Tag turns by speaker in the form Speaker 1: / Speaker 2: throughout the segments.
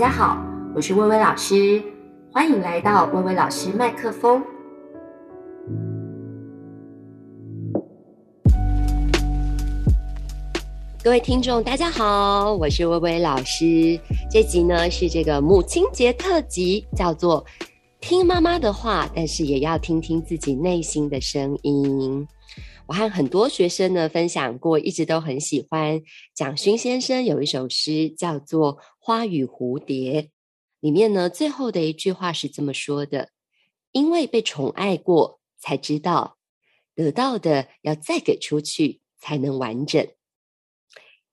Speaker 1: 大家好，我是薇薇老師，歡迎來到薇薇老師麥克風。各位聽眾，大家好，我是薇薇老師。這集呢是這個母親節特輯，叫做“聽媽媽的話，但是也要聽聽自己內心的聲音”。我和很多學生呢分享過，一直都很喜歡蔣勳先生有一首詩，叫做《花與蝴蝶》裡面呢，最後的一句話是這麼說的：“因為被寵愛過，才知道得到的要再給出去才能完整。”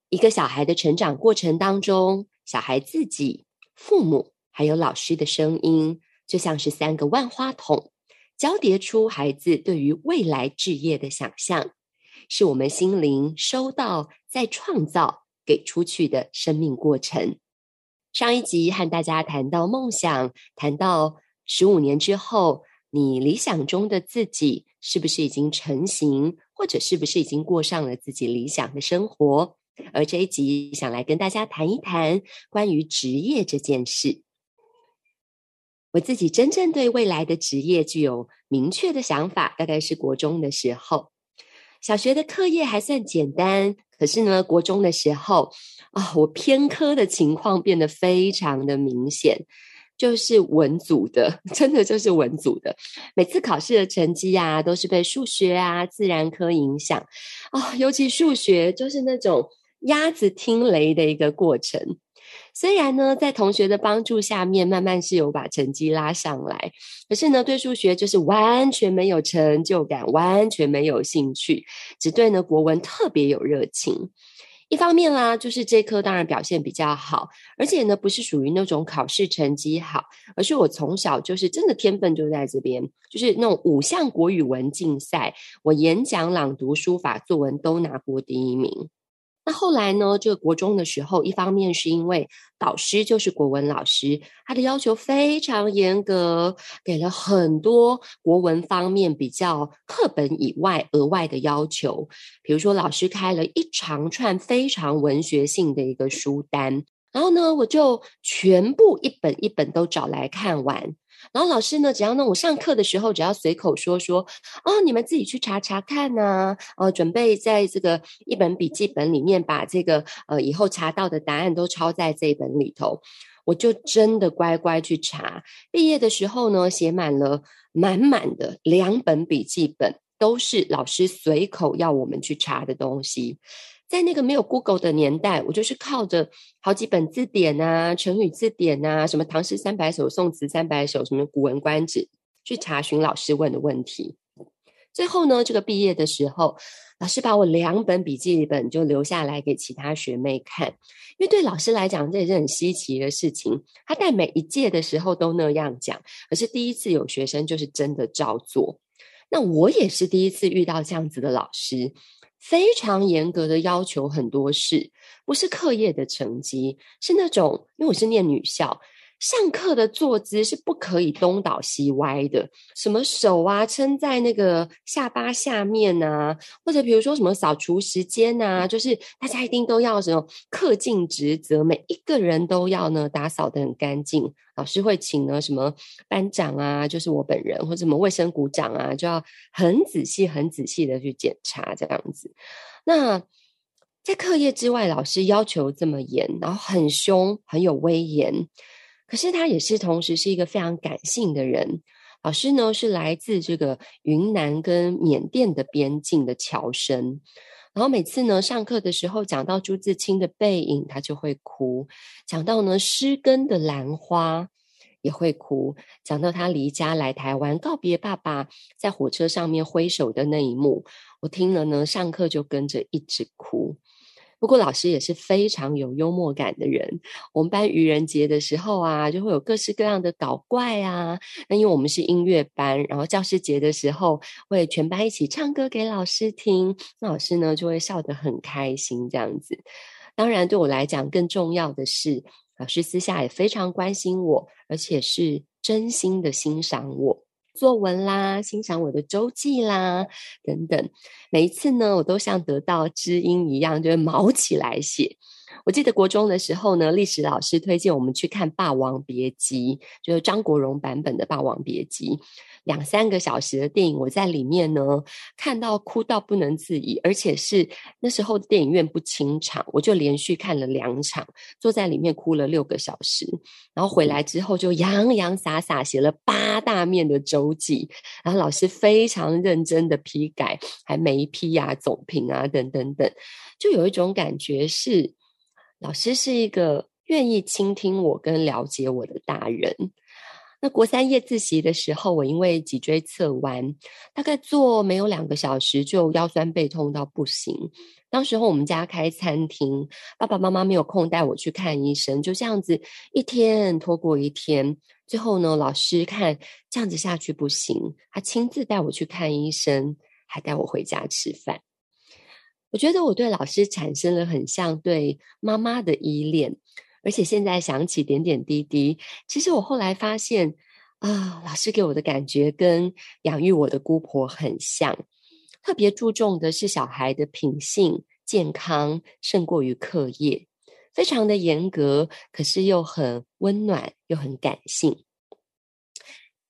Speaker 1: 一個小孩的成長過程當中，小孩自己、父母還有老師的聲音，就像是三個萬花筒，交疊出孩子對於未來職業的想象，是我們心靈收到、再創造、給出去的生命過程。上一集和大家談到夢想，談到十五年之後，你理想中的自己是不是已經成型，或者是不是已經過上了自己理想的生活。而這一集想來跟大家談一談關於職業這件事。我自己真正對未來的職業具有明確的想法，大概是國中的時候。小學的課業還算簡單，可是呢，國中的時候啊、哦，我偏科的情況變得非常的明顯，就是文組的，真的就是文組的，每次考試的成績啊，都是被數學啊、自然科影響，啊、哦，尤其數學就是那種鴨子聽雷的一個過程。雖然呢，在同學的幫助下面，慢慢是有把成績拉上來，可是呢，對數學就是完全沒有成就感，完全沒有興趣，只對呢國文特別有熱情。一方面啦，就是這科當然表現比較好，而且呢，不是屬於那種考試成績好，而是我從小就是真的天分就在這邊，就是那種五項國語文競賽，我演講、朗讀、書法、作文都拿過第一名。那後來呢，這個國中的時候，一方面是因為導師就是國文老師，他的要求非常嚴格，給了很多國文方面比較課本以外額外的要求，比如說老師開了一長串非常文學性的一個書單，然後呢，我就全部一本一本都找來看完。然後老師呢，只要那我上課的時候，只要隨口說說，哦，你們自己去查查看呢、啊，哦、呃，準備在這個一本筆記本裡面把這個呃以後查到的答案都抄在這一本裡頭，我就真的乖乖去查。畢業的時候呢，寫滿了滿滿的兩本筆記本，都是老師隨口要我們去查的東西。在那個沒有 Google 的年代，我就是靠着好幾本字典啊、成語字典啊、什麼《唐詩三百首》《宋詞三百首》、什麼《古文觀止》去查詢老師問的問題。最後呢，這個畢業的時候，老師把我兩本筆記本就留下來給其他學妹看，因為對老師來講這也是很稀奇的事情。他帶每一屆的時候都那樣講，可是第一次有學生就是真的照做。那我也是第一次遇到這樣子的老師。非常嚴格的要求很多事，不是課業的成績，是那種，因為我是念女校。上課的坐姿是不可以東倒西歪的，什麼手啊，撐在那個下巴下面啊，或者比如說什麼掃除時間啊，就是大家一定都要什麼恪盡職責，每一個人都要呢打掃得很乾淨。老師會請呢什麼班長啊，就是我本人或者什麼衛生股長啊，就要很仔細、很仔細的去檢查這樣子。那在課業之外，老師要求這麼嚴，然後很凶，很有威嚴。可是他也是同時是一個非常感性的人。老師呢是來自這個雲南跟緬甸的邊境的僑生，然後每次呢上課的時候講到朱自清的《背影》，他就會哭；講到呢《失根》的蘭花也會哭；講到他離家來台灣告別爸爸，在火車上面揮手的那一幕，我聽了呢上課就跟着一直哭。不過老師也是非常有幽默感的人。我們班愚人節的時候啊，就會有各式各樣的搞怪啊。那因為我們是音樂班，然後教師節的時候會全班一起唱歌給老師聽，那老師呢就會笑得很開心這樣子。當然，對我來講更重要的是，老師私下也非常關心我，而且是真心的欣賞我。作文啦，欣賞我的週記啦，等等，每一次呢，我都像得到知音一樣，就會卯起來寫。我記得國中的時候呢，歷史老師推薦我們去看《霸王別姬》，就是張國榮版本的《霸王別姬》。兩三個小時的電影，我在裡面呢看到哭到不能自已，而且是那時候電影院不清場，我就連續看了兩場，坐在裡面哭了六個小時。然後回來之後就洋洋灑灑，灑寫了八大面的週記，然後老師非常認真的批改，還眉批啊、總評啊等等等，就有一種感覺是。老師是一個願意傾聽我跟了解我的大人。那國三夜自習的時候，我因為脊椎側彎，大概坐沒有兩個小時就腰酸背痛到不行。當時候我們家開餐廳，爸爸媽媽沒有空帶我去看醫生，就這樣子一天拖過一天，最後呢，老師看這樣子下去不行，他親自帶我去看醫生，還帶我回家吃飯。我覺得我對老師產生了很像對媽媽的依戀，而且現在想起點點滴滴，其實我後來發現，啊、呃，老師給我的感覺跟養育我的姑婆很像，特別注重的是小孩的品性健康勝過於課業，非常的嚴格，可是又很溫暖又很感性，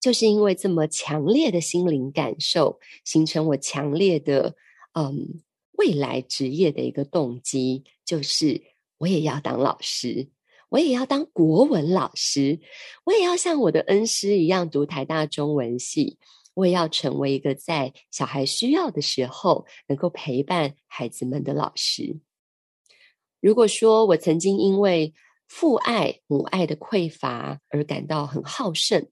Speaker 1: 就是因為這麼強烈的心靈感受，形成我強烈的嗯。未來職業的一個動機就是，我也要當老師，我也要當國文老師，我也要像我的恩師一樣讀台大中文系，我也要成為一個在小孩需要的時候能夠陪伴孩子們的老師。如果說我曾經因為父愛母愛的匱乏而感到很好勝，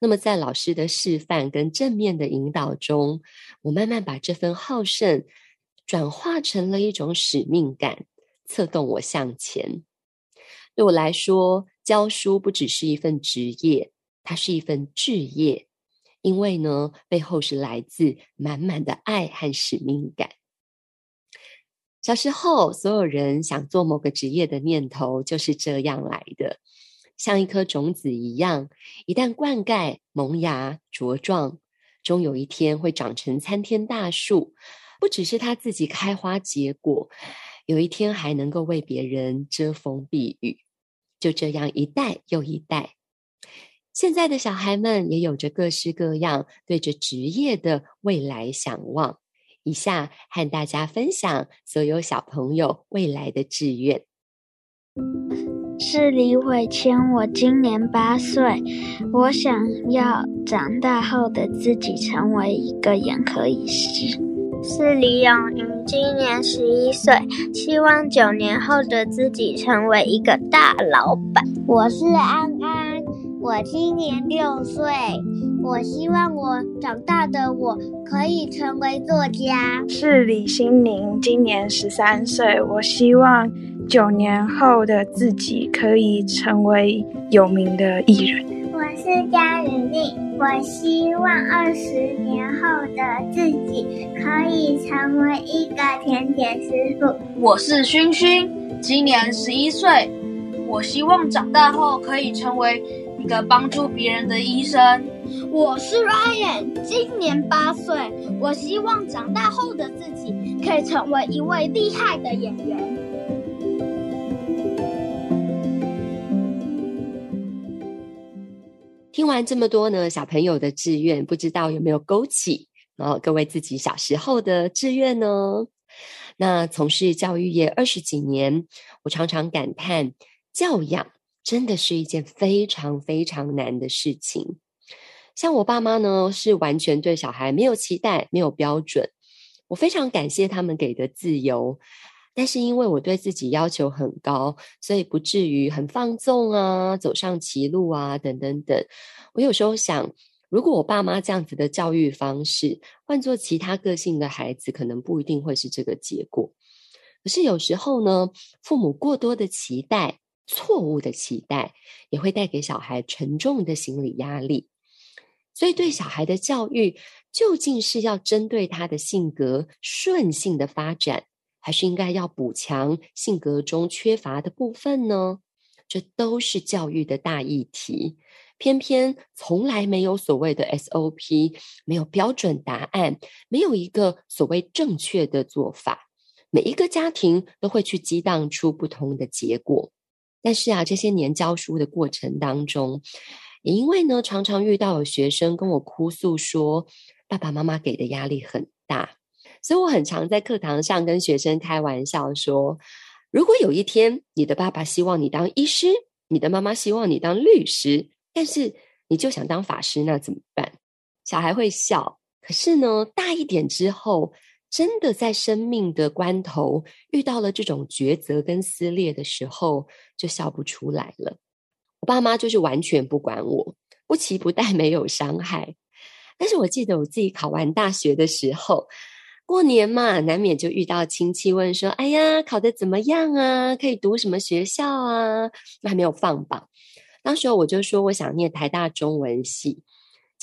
Speaker 1: 那麼在老師的示範跟正面的引導中，我慢慢把這份好勝。轉化成了一種使命感，策動我向前。對我來說，教書不只是一份職業，它是一份志業，因為呢，背後是來自滿滿的愛和使命感。小時候，所有人想做某個職業的念頭就是這樣來的，像一顆種子一樣，一旦灌溉、萌芽、茁壯，終有一天會長成參天大樹。不只是他自己開花結果，有一天還能夠為別人遮風避雨。就這樣一代又一代，現在的小孩們也有着各式各樣對着職業的未來想望。以下和大家分享所有小朋友未來的志願。是李偉謙，我今年八歲，我想要長大後的自己成為一個眼科醫師。是李永寧，今年十一歲，希望九年後的自己成為一個大老闆。我是安安，我今年六歲，我希望我長大的我可以成為作家。是李心凌，今年十三歲，我希望九年後的自己可以成為有名的藝人。我是嘉雨寧，我希望二十年後的自己可以成為一個甜點師傅。我是燻燻，今年十一歲，我希望長大後可以成為一個幫助別人的醫生。我是 Ryan，今年八歲，我希望長大後的自己可以成為一位厲害的演員。聽完這麼多呢，小朋友的志願不知道有沒有勾起，各位自己小時候的志願呢？那從事教育業二十幾年，我常常感嘆，教養真的是一件非常非常難的事情。像我爸媽呢，是完全對小孩沒有期待，沒有標準。我非常感謝他們給的自由。但是因為我對自己要求很高，所以不至於很放縱啊，走上歧路啊，等等等。我有時候想，如果我爸媽這樣子的教育方式換做其他個性的孩子，可能不一定會是這個結果。可是有時候呢，父母過多的期待、錯誤的期待，也會帶給小孩沉重的心理壓力。所以，對小孩的教育，究竟是要針對他的性格，順性的發展？還是應該要補強性格中缺乏的部分呢？這都是教育的大議題，偏偏從來沒有所謂的 SOP，沒有標準答案，沒有一個所謂正確的做法。每一個家庭都會去激盪出不同的結果。但是啊，這些年教書的過程當中，也因為呢，常常遇到有學生跟我哭訴說，爸爸媽媽給的壓力很大。所以我很常在課堂上跟學生開玩笑說：“如果有一天你的爸爸希望你當醫師，你的媽媽希望你當律師，但是你就想當法師，那怎麼辦？”小孩會笑，可是呢，大一點之後，真的在生命的關頭遇到了這種抉擇跟撕裂的時候，就笑不出來了。我爸媽就是完全不管我，不期不待，沒有傷害。但是我記得我自己考完大學的時候，過年嘛，難免就遇到親戚問說：“哎呀，考得怎麼樣啊？可以讀什麼學校啊？”那還沒有放榜，當時候我就說，我想念台大中文系。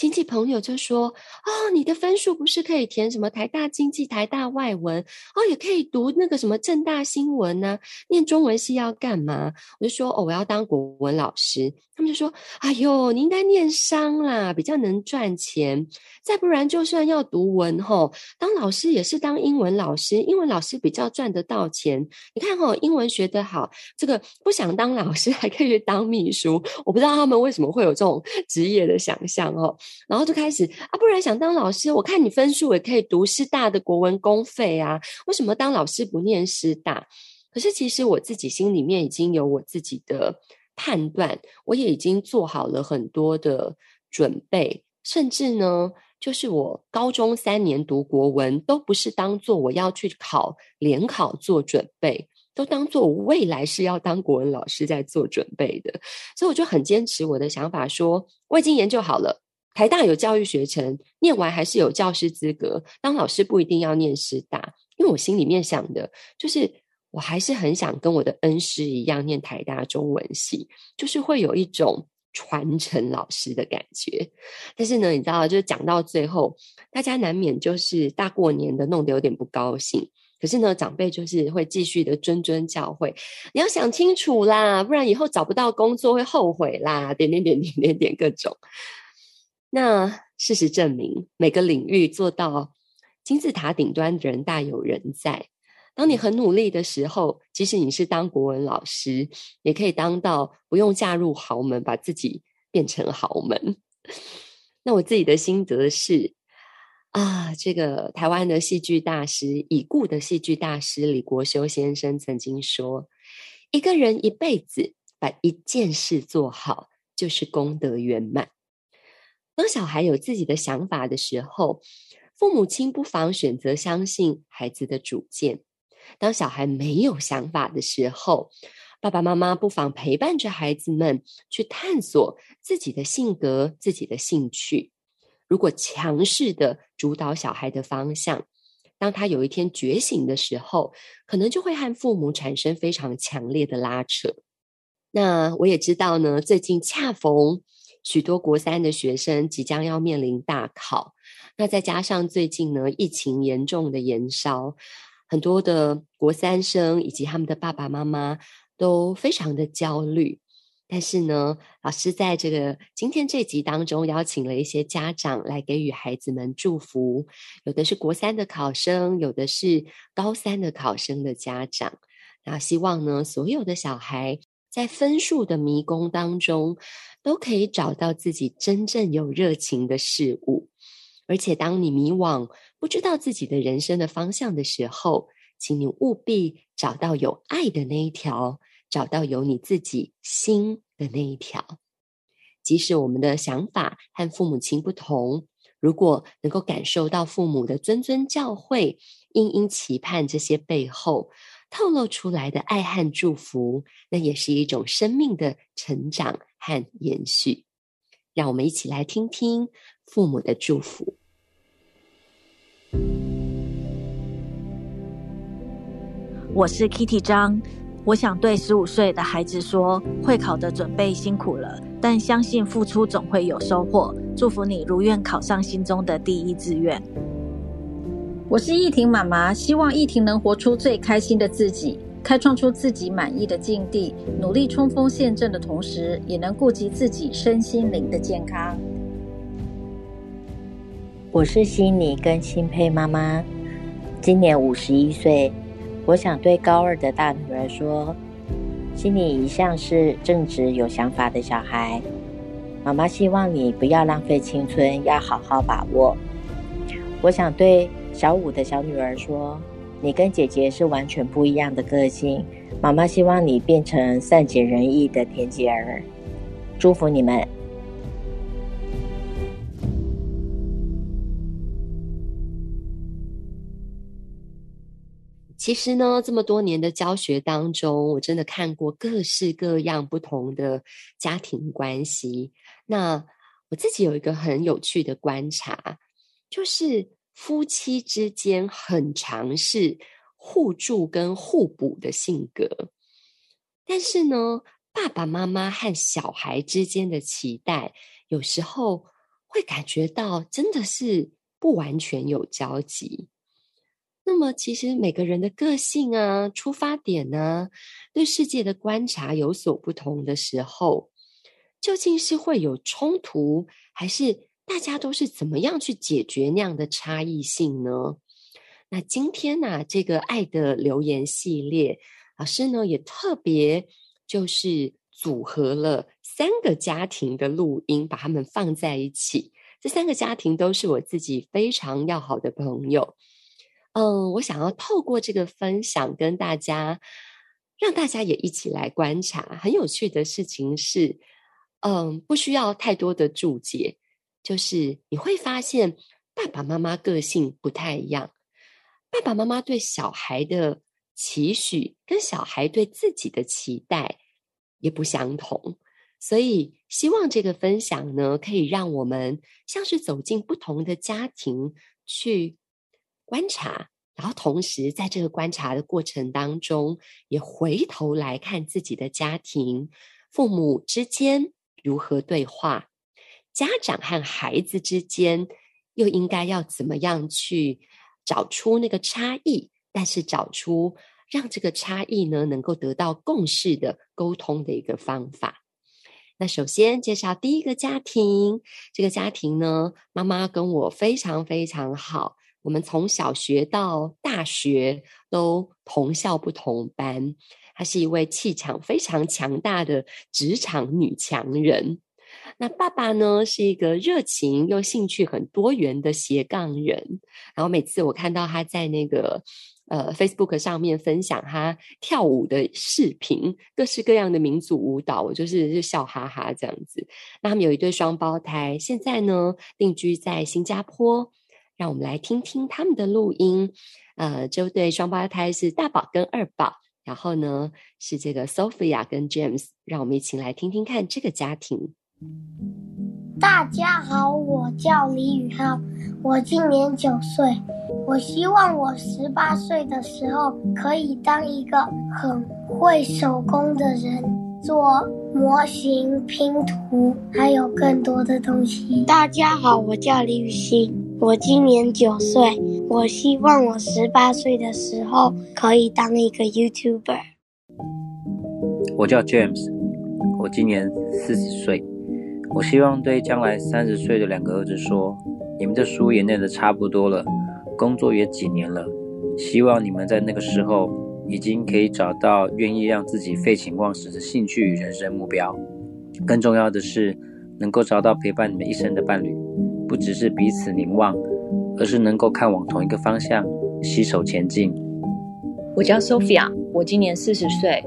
Speaker 1: 親戚朋友就說：“哦，你的分數不是可以填什麼台大經濟、台大外文哦，也可以讀那個什麼政大新聞呢、啊？念中文系要幹嘛？”我就說：“哦，我要當國文老師。”他們就說：“哎喲，你應該念商啦，比較能賺錢。再不然，就算要讀文吼、哦，當老師也是當英文老師，英文老師比較賺得到錢。你看吼、哦，英文學得好，這個不想當老師還可以去當秘書。我不知道他們為什麼會有這種職業的想象哦。”然後就開始啊，不然想當老師？我看你分數也可以讀師大的國文公費啊，為什麼當老師不念師大？可是其實我自己心裡面已經有我自己的判斷，我也已經做好了很多的準備，甚至呢，就是我高中三年讀國文都不是當做我要去考聯考做準備，都當做我未來是要當國文老師在做準備的，所以我就很堅持我的想法說，說我已經研究好了。台大有教育學程，念完還是有教師資格。當老師不一定要念師大，因為我心裡面想的就是，我還是很想跟我的恩師一樣，念台大中文系，就是會有一種傳承老師的感覺。但是呢，你知道，就是講到最後，大家難免就是大過年的弄得有點不高興。可是呢，長輩就是會繼續的諄諄教誨，你要想清楚啦，不然以後找不到工作會後悔啦，點點點點點點各種。那事實證明，每個領域做到金字塔頂端的人大有人在。當你很努力的時候，即使你是當國文老師，也可以當到不用嫁入豪門，把自己變成豪門。那我自己的心得是，啊，這個台灣的戲劇大師，已故的戲劇大師李國修先生曾經說，一個人一輩子把一件事做好，就是功德圓滿。當小孩有自己的想法的時候，父母親不妨選擇相信孩子的主見；當小孩沒有想法的時候，爸爸媽媽不妨陪伴着孩子們去探索自己的性格、自己的興趣。如果強勢地主導小孩的方向，當他有一天覺醒的時候，可能就會和父母產生非常強烈的拉扯。那我也知道呢，最近恰逢。許多國三的學生即將要面臨大考，那再加上最近呢，疫情嚴重的延燒，很多的國三生以及他們的爸爸媽媽都非常的焦慮。但是呢，老師在這個今天這集當中邀請了一些家長來給予孩子們祝福，有的是國三的考生，有的是高三的考生的家長。那希望呢，所有的小孩。在分數的迷宮當中，都可以找到自己真正有熱情的事物。而且，當你迷惘、不知道自己的人生的方向的時候，請你務必找到有愛的那一條，找到有你自己心的那一條。即使我們的想法和父母親不同，如果能夠感受到父母的諄諄教誨、殷殷期盼，這些背後，透露出來的愛和祝福，那也是一種生命的成長和延續。讓我們一起來聽聽父母的祝福。我是 Kitty 張，我想對十五歲的孩子說：會考的準備辛苦了，但相信付出總會有收穫。祝福你如願考上心中的第一志願。我是義婷媽媽，希望義婷能活出最開心的自己，開創出自己滿意的境地，努力衝鋒陷陣的同時，也能顧及自己身心靈的健康。我是欣妮跟欣佩媽媽，今年五十一歲。我想對高二的大女兒說：欣妮一向是正直有想法的小孩，媽媽希望你不要浪費青春，要好好把握。我想對小五的小女兒說：“你跟姐姐是完全不一樣的個性，媽媽希望你變成善解人意的甜姐兒，祝福你們。”其實呢，這麼多年的教學當中，我真的看過各式各樣不同的家庭關係。那我自己有一個很有趣的觀察，就是。夫妻之間很常是互助跟互補的性格，但是呢，爸爸媽媽和小孩之間的期待，有時候會感覺到真的是不完全有交集。那麼，其實每個人的個性啊、出發點呢、啊，對世界的觀察有所不同的時候，究竟是會有衝突，還是？大家都是怎麼樣去解決那樣的差異性呢？那今天呢、啊，這個愛的留言系列，老師呢也特別就是組合了三個家庭的錄音，把他們放在一起。這三個家庭都是我自己非常要好的朋友。嗯、呃，我想要透過這個分享跟大家，讓大家也一起來觀察，很有趣的事情是，嗯、呃，不需要太多的注解。就是你會發現，爸爸媽媽個性不太一樣，爸爸媽媽對小孩的期許跟小孩對自己的期待也不相同，所以希望這個分享呢，可以讓我們像是走進不同的家庭去觀察，然後同時在這個觀察的過程當中，也回頭來看自己的家庭，父母之間如何對話。家長和孩子之間又應該要怎麼樣去找出那個差異？但是找出讓這個差異呢，能夠得到共識的溝通的一個方法。那首先介紹第一個家庭，這個家庭呢，媽媽跟我非常非常好，我們從小學到大學都同校不同班。她是一位氣場非常強大的職場女強人。那爸爸呢，是一個熱情又興趣很多元的斜槓人。然後每次我看到他在那個呃 Facebook 上面分享他跳舞的視頻，各式各樣的民族舞蹈，我就是就笑哈哈這樣子。那他們有一對雙胞胎，現在呢定居在新加坡。讓我們來聽聽他們的錄音。呃，這對雙胞胎是大寶跟二寶，然後呢是這個 Sophia 跟 James。讓我們一起來聽聽看這個家庭。大家好，我叫李宇浩，我今年九歲。我希望我十八歲的時候可以當一個很會手工的人，做模型、拼圖，還有更多的東西。大家好，我叫李雨欣，我今年九歲。我希望我十八歲的時候可以當一個 YouTuber。我叫 James，我今年四十歲。我希望對將來三十歲的兩個兒子說：“你們的書也念得差不多了，工作也幾年了，希望你們在那個時候已經可以找到願意讓自己廢寢忘食的興趣與人生目標。更重要的是，能夠找到陪伴你們一生的伴侶，不只是彼此凝望，而是能夠看往同一個方向，攜手前進。”我叫 Sophia，我今年四十歲，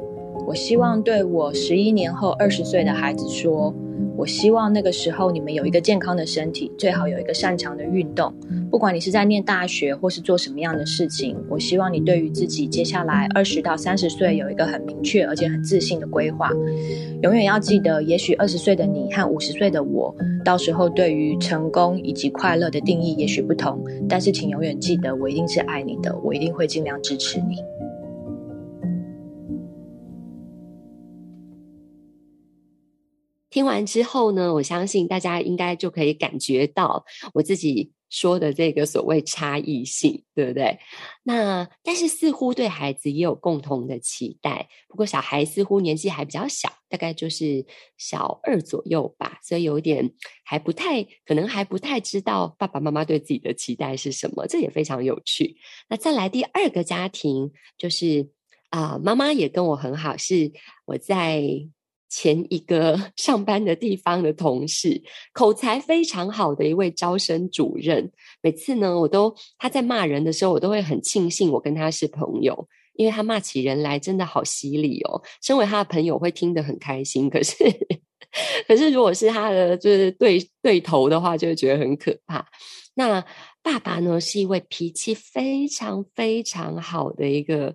Speaker 1: 我希望對我十一年後二十歲的孩子說。我希望那個時候你們有一個健康的身體，最好有一個擅長的運動。不管你是在念大學或是做什麼樣的事情，我希望你對於自己接下來二十到三十歲有一個很明確而且很自信的規劃。永遠要記得，也許二十歲的你和五十歲的我，到時候對於成功以及快樂的定義也許不同，但是請永遠記得，我一定是愛你的，我一定會盡量支持你。聽完之後呢，我相信大家應該就可以感覺到我自己說的這個所謂差異性，對不對？那但是似乎對孩子也有共同的期待，不過小孩似乎年紀還比較小，大概就是小二左右吧，所以有點還不太可能還不太知道爸爸媽媽對自己的期待是什麼，這也非常有趣。那再來第二個家庭，就是啊、呃，媽媽也跟我很好，是我在。前一個上班的地方的同事，口才非常好的一位招生主任。每次呢，我都他在罵人的時候，我都會很慶幸我跟他是朋友，因為他罵起人來真的好犀利哦。身為他的朋友會聽得很開心，可是，可是如果是他的就是對對頭的話，就會覺得很可怕。那爸爸呢，是一位脾氣非常非常好的一個，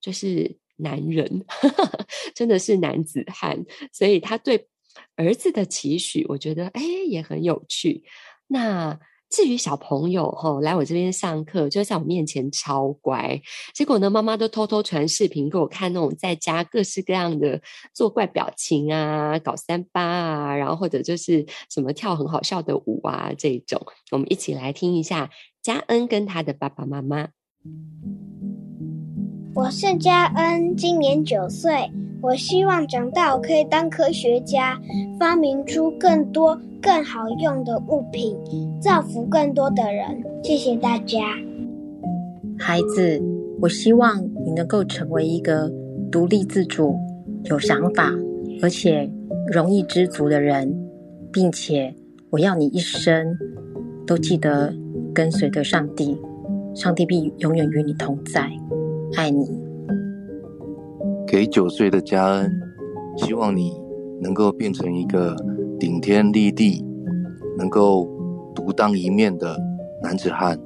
Speaker 1: 就是。男人呵呵真的是男子漢，所以他對兒子的期許，我覺得誒、欸、也很有趣。那至於小朋友吼來我這邊上課，就在我面前超乖。結果呢，媽媽都偷偷傳視頻給我看，那種在家各式各樣的作怪表情啊，搞三八啊，然後或者就是什麼跳很好笑的舞啊，這種。我們一起來聽一下嘉恩跟他的爸爸媽媽。嗯我是嘉恩，今年九歲。我希望長大我可以當科學家，發明出更多更好用的物品，造福更多的人。謝謝大家。孩子，我希望你能夠成為一個獨立自主、有想法，而且容易知足的人，並且我要你一生都記得跟隨着上帝，上帝必永遠與你同在。愛你。給九歲的嘉恩，希望你能夠變成一個頂天立地、能夠獨當一面的男子漢。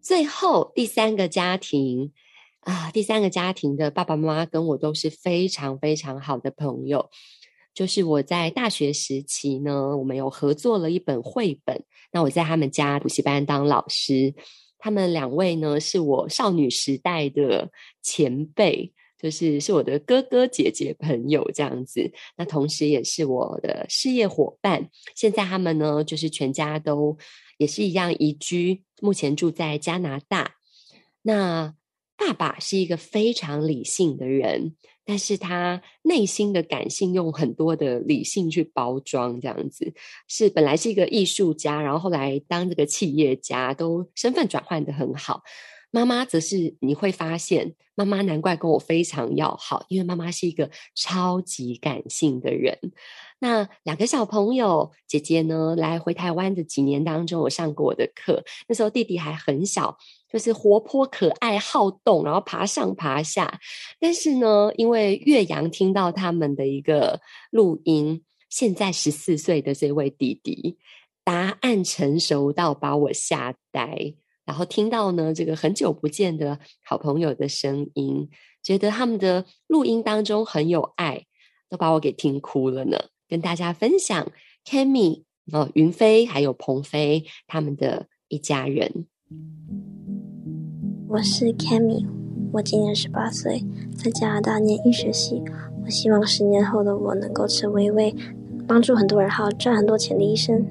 Speaker 1: 最後第三個家庭啊，第三個家庭的爸爸媽媽跟我都是非常非常好的朋友。就是我在大學時期呢，我們有合作了一本繪本。那我在他們家補習班當老師，他們兩位呢，是我少女時代的前輩，就是是我的哥哥姐姐朋友這樣子。那同時也是我的事業夥伴。現在他們呢，就是全家都也是一樣移居，目前住在加拿大。那爸爸是一個非常理性的人，但是他內心的感性用很多的理性去包裝，這樣子是本來是一個藝術家，然後後來當這個企業家，都身份轉換得很好。媽媽則是你會發現，媽媽難怪跟我非常要好，因為媽媽是一個超級感性的人。那兩個小朋友，姐姐呢來回台灣的幾年當中，我上過我的課，那時候弟弟還很小。就是活潑、可愛、好動，然後爬上爬下。但是呢，因為岳陽聽到他們的一個錄音，現在十四歲的這位弟弟答案成熟到把我嚇呆。然後聽到呢，這個很久不見的好朋友的聲音，覺得他們的錄音當中很有愛，都把我給聽哭了呢。跟大家分享 Kemi 哦、呃，雲飛還有鵬飛他們的一家人。我是 Cammy，我今年十八歲，在加拿大念醫學系。我希望十年後的我能夠成為一位幫助很多人好賺很多錢的醫生。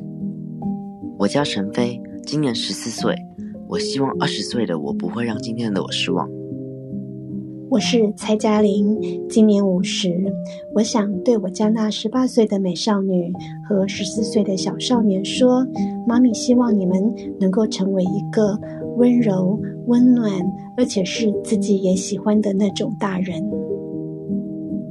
Speaker 1: 我叫陳飛，今年十四歲。我希望二十歲的我不會讓今天的我失望。我是蔡嘉玲，今年五十。我想對我家那十八歲的美少女和十四歲的小少年說：“媽咪希望你們能夠成為一個。”溫柔、溫暖，而且是自己也喜歡的那種大人。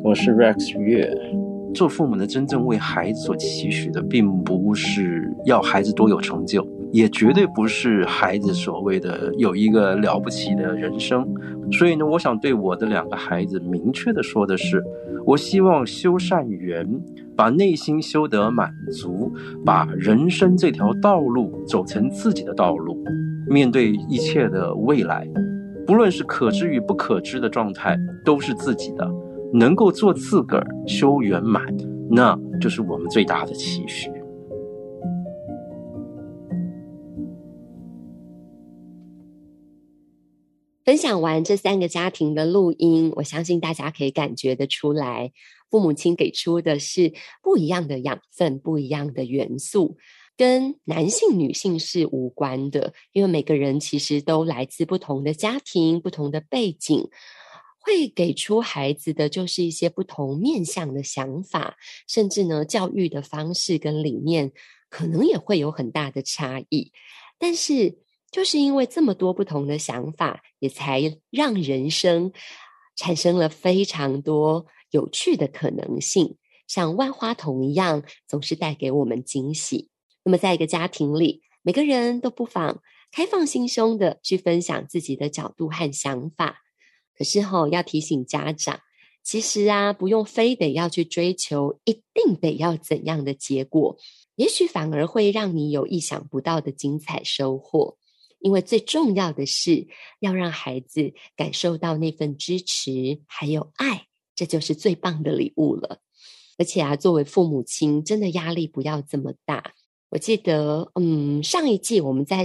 Speaker 1: 我是 Rex 月、er，做父母的真正為孩子所期許的，並不是要孩子多有成就，也絕對不是孩子所謂的有一個了不起的人生。所以呢，我想對我的兩個孩子明確的說的是，我希望修善緣。把內心修得滿足，把人生這條道路走成自己的道路，面對一切的未來，不論是可知與不可知的狀態，都是自己的。能夠做自個兒修圓滿，那就是我們最大的期許。分享完這三個家庭的錄音，我相信大家可以感覺得出來。父母親給出的是不一樣的養分，不一樣的元素，跟男性、女性是無關的。因為每個人其實都來自不同的家庭、不同的背景，會給出孩子的就是一些不同面向的想法，甚至呢，教育的方式跟理念可能也會有很大的差異。但是，就是因為這麼多不同的想法，也才讓人生產生了非常多。有趣的可能性，像萬花筒一樣，總是帶給我們驚喜。那麼，在一個家庭裡，每個人都不妨開放心胸地去分享自己的角度和想法。可是、哦，哈，要提醒家長，其實啊，不用非得要去追求一定得要怎樣的結果，也許反而會讓你有意想不到的精彩收穫。因為最重要的是要讓孩子感受到那份支持還有愛。這就是最棒的禮物了，而且啊，作為父母親，真的壓力不要這麼大。我記得，嗯，上一季我們在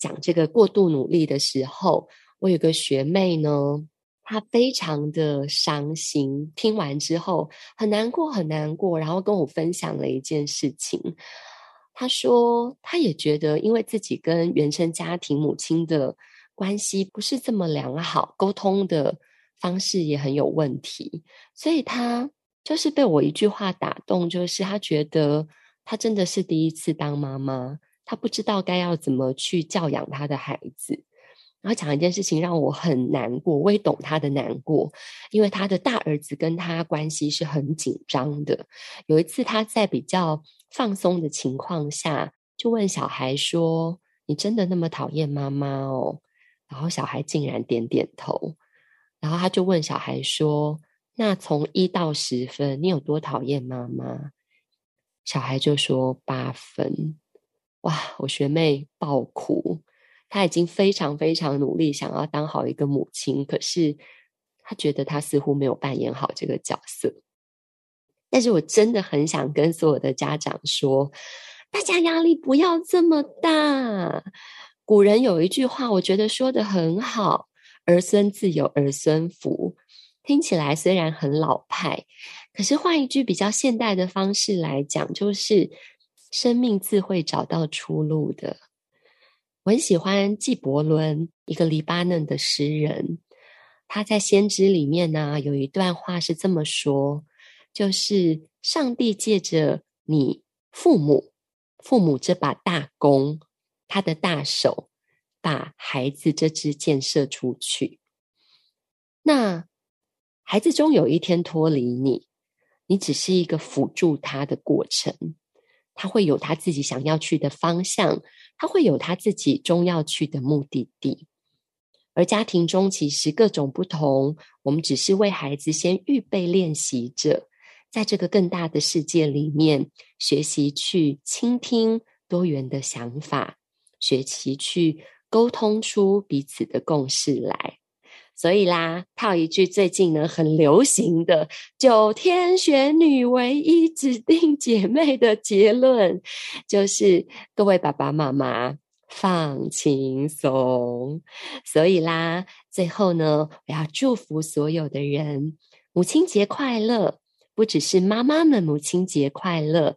Speaker 1: 講這個過度努力的時候，我有個學妹呢，她非常的傷心，聽完之後很難過，很難過，然後跟我分享了一件事情。她說，她也覺得，因為自己跟原生家庭母親的關係不是這麼良好，溝通的方式也很有問題，所以他就是被我一句話打動，就是他覺得他真的是第一次當媽媽，他不知道該要怎麼去教養他的孩子。然後講一件事情讓我很難過，我也懂他的難過，因為他的大兒子跟他關係是很緊張的。有一次他在比較放鬆的情況下，就問小孩說：“你真的那麼討厭媽媽哦？”然後小孩竟然點點頭。然後他就問小孩說：“那從一到十分，你有多討厭媽媽？”小孩就說：“八分。”哇！我學妹爆哭，她已經非常非常努力想要當好一個母親，可是她覺得她似乎沒有扮演好這個角色。但是我真的很想跟所有的家長說，大家壓力不要這麼大。古人有一句話，我覺得說得很好。兒孫自有兒孫福，聽起來雖然很老派，可是換一句比較現代的方式來講，就是生命自會找到出路的。我很喜歡紀伯倫，一個黎巴嫩的詩人，他在《先知》裡面呢、啊，有一段話是這麼說，就是上帝借着你父母，父母這把大弓，他的大手。把孩子這支箭射出去，那孩子終有一天脫離你，你只是一個輔助他的過程。他會有他自己想要去的方向，他會有他自己終要去的目的地。而家庭中其實各種不同，我們只是為孩子先預備練習着，在這個更大的世界裡面學習去傾聽多元的想法，學習去。溝通出彼此的共識來，所以啦，套一句最近呢很流行的“九天玄女唯一指定姐妹”的結論，就是各位爸爸媽媽放輕鬆。所以啦，最後呢，我要祝福所有的人，母親節快樂，不只是媽媽們母親節快樂，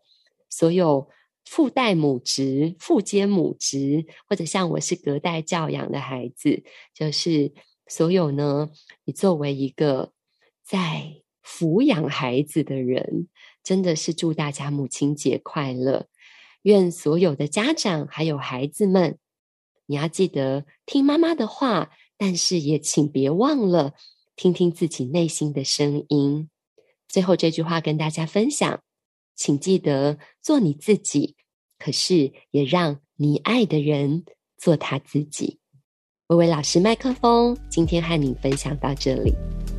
Speaker 1: 所有。父代母職，父兼母職，或者像我是隔代教養的孩子，就是所有呢。你作為一個在撫養孩子的人，真的是祝大家母親節快樂！願所有的家長還有孩子們，你要記得聽媽媽的話，但是也請別忘了聽聽自己內心的聲音。最後這句話跟大家分享。請記得做你自己，可是也讓你愛的人做他自己。薇薇老師，麥克風，今天和你分享到這裡。